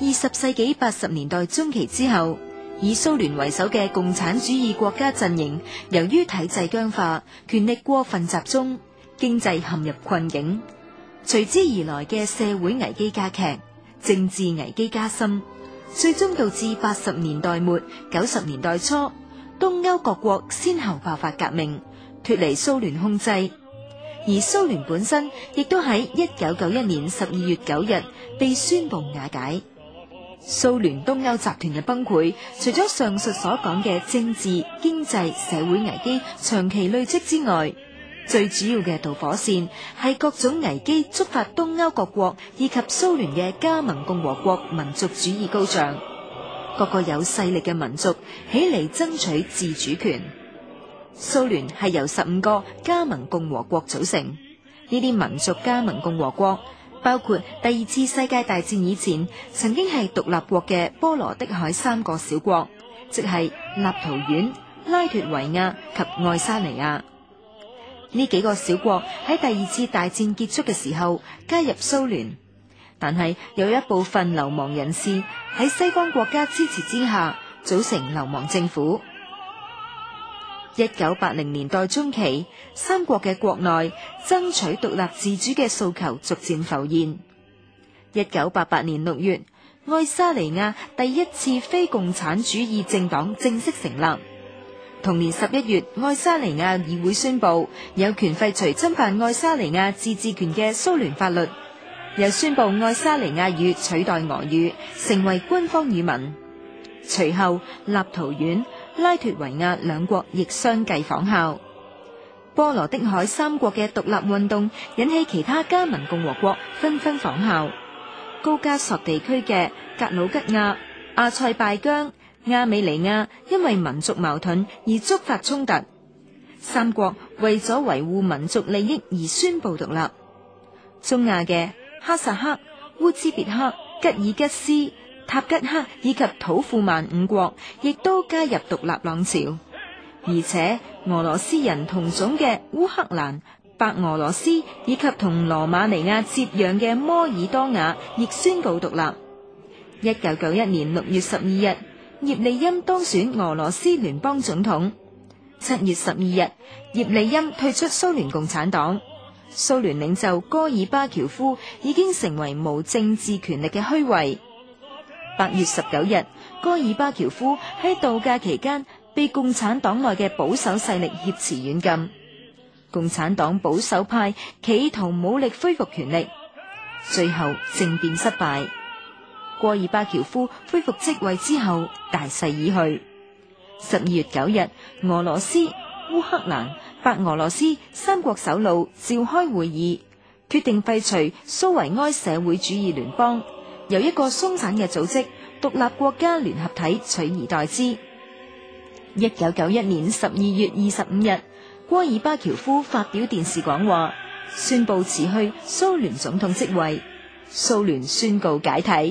二十世紀八十年代中期之後，以蘇聯為首嘅共產主義國家陣營，由於體制僵化、權力過分集中、經濟陷入困境，隨之而來嘅社會危機加劇、政治危機加深，最終導致八十年代末、九十年代初，東歐各國先後爆發革命，脱離蘇聯控制；而蘇聯本身亦都喺一九九一年十二月九日被宣布瓦解。蘇聯東歐集團嘅崩潰，除咗上述所講嘅政治、經濟、社會危機長期累積之外，最主要嘅導火線係各種危機觸發東歐各國，以及蘇聯嘅加盟共和國民族主義高漲，各個有勢力嘅民族起嚟爭取自主權。蘇聯係由十五個加盟共和國組成，呢啲民族加盟共和國。包括第二次世界大戰以前曾經係獨立國嘅波羅的海三個小國，即係立陶宛、拉脫維亞及愛沙尼亞。呢幾個小國喺第二次大戰結束嘅時候加入蘇聯，但係有一部分流亡人士喺西方國家支持之下，組成流亡政府。一九八零年代中期，三國嘅國內爭取獨立自主嘅訴求逐漸浮現。一九八八年六月，愛沙尼亞第一次非共產主義政黨正式成立。同年十一月，愛沙尼亞議會宣布有權廢除侵犯愛沙尼亞自治權嘅蘇聯法律，又宣布愛沙尼亞語取代俄語成為官方語文。隨後，立陶宛。拉脫維亞兩國亦相繼仿效。波羅的海三國嘅獨立運動引起其他加盟共和國紛紛仿效。高加索地區嘅格魯吉亞、阿塞拜疆、亞美尼亞因為民族矛盾而觸發衝突，三國為咗維護民族利益而宣布獨立。中亞嘅哈薩克、烏茲別克、吉爾吉斯。塔吉克以及土庫曼五國亦都加入獨立浪潮，而且俄羅斯人同種嘅烏克蘭、白俄羅斯以及同羅馬尼亞接壤嘅摩爾多瓦亦宣告獨立。一九九一年六月十二日，葉利欽當選俄羅斯聯邦總統。七月十二日，葉利欽退出蘇聯共產黨，蘇聯領袖戈爾巴喬夫已經成為無政治權力嘅虛位。八月十九日，戈爾巴喬夫喺度假期間被共產黨內嘅保守勢力挾持軟禁。共產黨保守派企圖武力恢復權力，最後政變失敗。戈爾巴喬夫恢復職位之後，大勢已去。十二月九日，俄羅斯、烏克蘭、白俄羅斯三國首腦召開會議，決定廢除蘇維埃社會主義聯邦。由一個鬆散嘅組織，獨立國家聯合體取而代之。一九九一年十二月二十五日，戈爾巴喬夫發表電視講話，宣佈辭去蘇聯總統職位，蘇聯宣告解體。